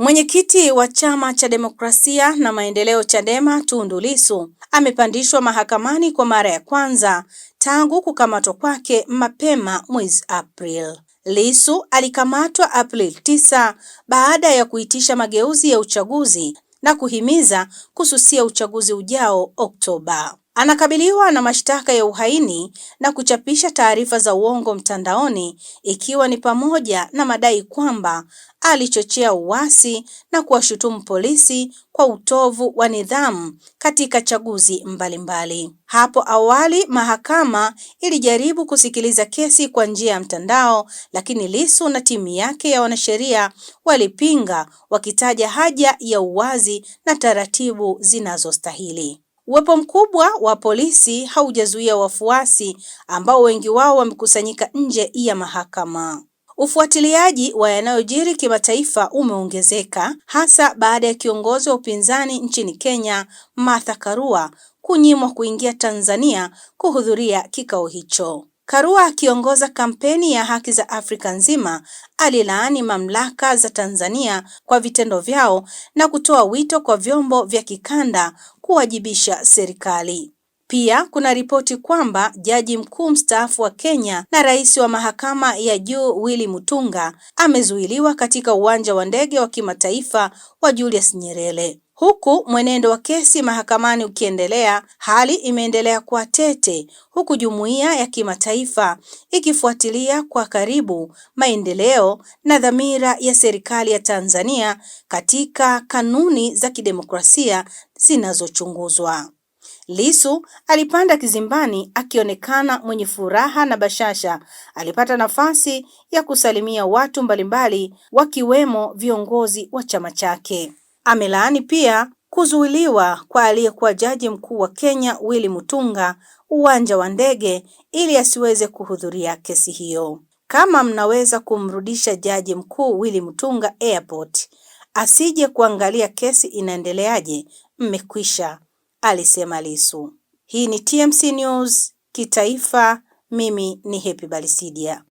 Mwenyekiti wa Chama cha Demokrasia na Maendeleo Chadema, Tundu Lissu amepandishwa mahakamani kwa mara ya kwanza tangu kukamatwa kwake mapema mwezi Aprili. Lissu alikamatwa Aprili 9 baada ya kuitisha mageuzi ya uchaguzi na kuhimiza kususia uchaguzi ujao Oktoba. Anakabiliwa na mashtaka ya uhaini na kuchapisha taarifa za uongo mtandaoni ikiwa ni pamoja na madai kwamba alichochea uasi na kuwashutumu polisi kwa utovu wa nidhamu katika chaguzi mbalimbali. Hapo awali, mahakama ilijaribu kusikiliza kesi kwa njia ya mtandao, lakini Lissu na timu yake ya wanasheria walipinga wakitaja haja ya uwazi na taratibu zinazostahili. Uwepo mkubwa wa polisi haujazuia wafuasi ambao wengi wao wamekusanyika nje ya mahakama. Ufuatiliaji wa yanayojiri kimataifa umeongezeka hasa baada ya kiongozi wa upinzani nchini Kenya, Martha Karua kunyimwa kuingia Tanzania kuhudhuria kikao hicho. Karua akiongoza kampeni ya haki za Afrika nzima alilaani mamlaka za Tanzania kwa vitendo vyao na kutoa wito kwa vyombo vya kikanda kuwajibisha serikali. Pia kuna ripoti kwamba jaji mkuu mstaafu wa Kenya na rais wa mahakama ya juu Willy Mutunga amezuiliwa katika uwanja wa ndege wa kimataifa wa Julius Nyerere. Huku mwenendo wa kesi mahakamani ukiendelea, hali imeendelea kuwa tete, huku jumuiya ya kimataifa ikifuatilia kwa karibu maendeleo na dhamira ya serikali ya Tanzania katika kanuni za kidemokrasia zinazochunguzwa. Lissu alipanda kizimbani akionekana mwenye furaha na bashasha. Alipata nafasi ya kusalimia watu mbalimbali wakiwemo viongozi wa chama chake. Amelaani pia kuzuiliwa kwa aliyekuwa jaji mkuu wa Kenya Willy Mutunga uwanja wa ndege ili asiweze kuhudhuria kesi hiyo. Kama mnaweza kumrudisha jaji mkuu Willy Mutunga airport asije kuangalia kesi inaendeleaje, mmekwisha alisema Lissu. Hii ni TMC News Kitaifa, mimi ni Happy Balisidia.